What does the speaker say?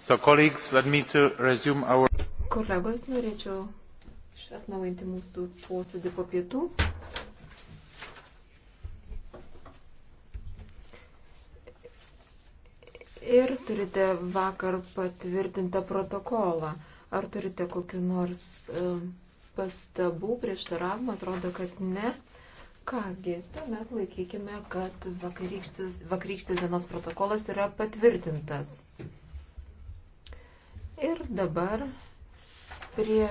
So, colleagues, let me to resume our... Kolegos, norėčiau atnaujinti mūsų posėdį po pietų. Ir turite vakar patvirtintą protokolą. Ar turite kokiu nors uh, pastabų, prieštaravimų, atrodo, kad ne. Kągi, tuomet laikykime, kad vakarykštis, vakarykštis dienos protokolas yra patvirtintas. Ir dabar prie.